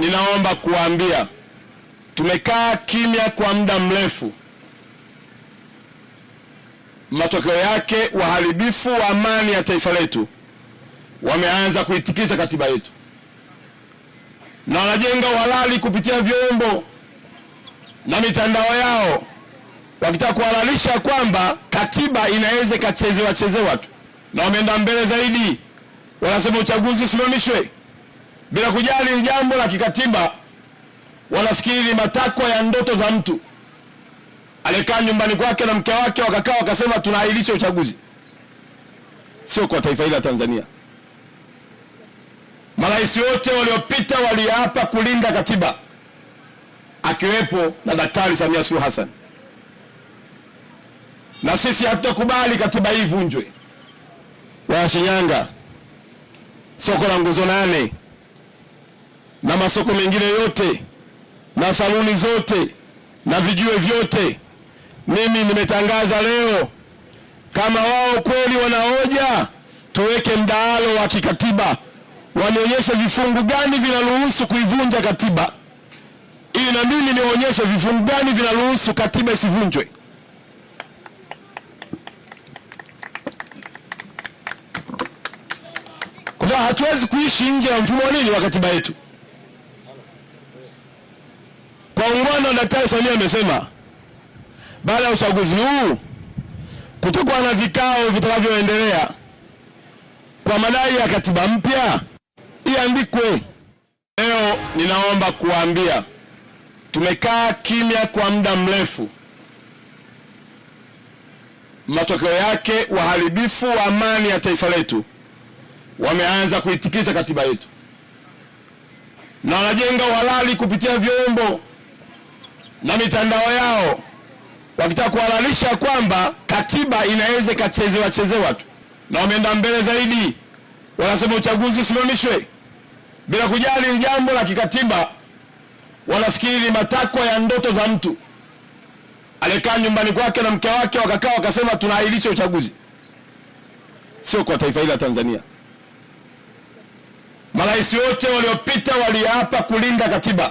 ninaomba kuwaambia tumekaa kimya kwa muda mrefu. Matokeo yake waharibifu wa amani ya taifa letu wameanza kuitikiza katiba yetu na wanajenga uhalali kupitia vyombo na mitandao yao, wakitaka kuhalalisha kwamba katiba inaweza ikachezewa chezewa tu, na wameenda mbele zaidi, wanasema uchaguzi usimamishwe bila kujali jambo la kikatiba. Wanafikiri matakwa ya ndoto za mtu aliyekaa nyumbani kwake na mke wake, wakakaa wakasema tunaahirisha uchaguzi. Sio kwa taifa hili la Tanzania. Marais wote waliopita waliapa kulinda katiba, akiwepo na Daktari Samia Suluhu Hassan, na sisi hatutakubali katiba hii ivunjwe. Shinyanga, soko la nguzo nane na masoko mengine yote na saluni zote na vijue vyote. Mimi nimetangaza leo, kama wao kweli wanaoja, tuweke mdahalo wa kikatiba, wanionyeshe vifungu gani vinaruhusu kuivunja katiba ili na mimi nionyeshe vifungu gani vinaruhusu katiba isivunjwe. Kwa hatuwezi kuishi nje ya mfumo wa nini wa katiba yetu. Mfano, Daktari Samia amesema baada ya uchaguzi huu kutokuwa na vikao vitakavyoendelea kwa madai ya katiba mpya iandikwe. Leo ninaomba kuwaambia, tumekaa kimya kwa muda mrefu. Matokeo yake waharibifu wa amani ya taifa letu wameanza kuitikisa katiba yetu na wanajenga uhalali kupitia vyombo na mitandao yao wakitaka kuhalalisha kwamba katiba inaweza ikachezewa chezewa tu, na wameenda mbele zaidi, wanasema uchaguzi usimamishwe bila kujali jambo la kikatiba. Wanafikiri ni matakwa ya ndoto za mtu aliyekaa nyumbani kwake na mke wake, wakakaa wakasema tunaahirisha uchaguzi. Sio kwa taifa hili la Tanzania. Marais wote waliopita waliapa kulinda katiba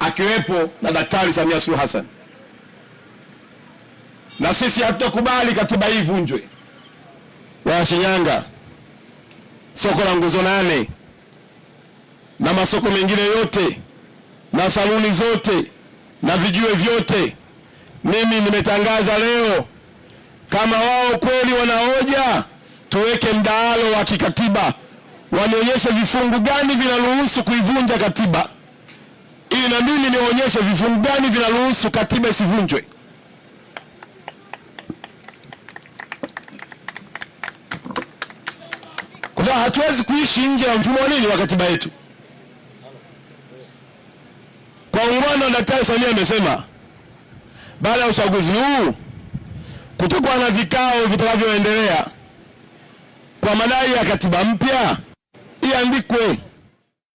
akiwepo na Daktari Samia Suluhu Hassan, na sisi hatutakubali katiba hii ivunjwe. shinyanga soko la nguzo nane na masoko mengine yote na saluni zote na vijue vyote, mimi nimetangaza leo, kama wao kweli wanaoja, tuweke mdahalo wa kikatiba, walionyesha vifungu gani vinaruhusu kuivunja katiba hii na mimi niwaonyeshe vifungu gani vinaruhusu katiba isivunjwe. Kwa sababu hatuwezi kuishi nje ya mfumo wa nini wa katiba yetu. Kwa ungwana, Daktari Samia amesema baada ya uchaguzi huu kutokuwa na vikao vitakavyoendelea kwa madai ya katiba mpya iandikwe.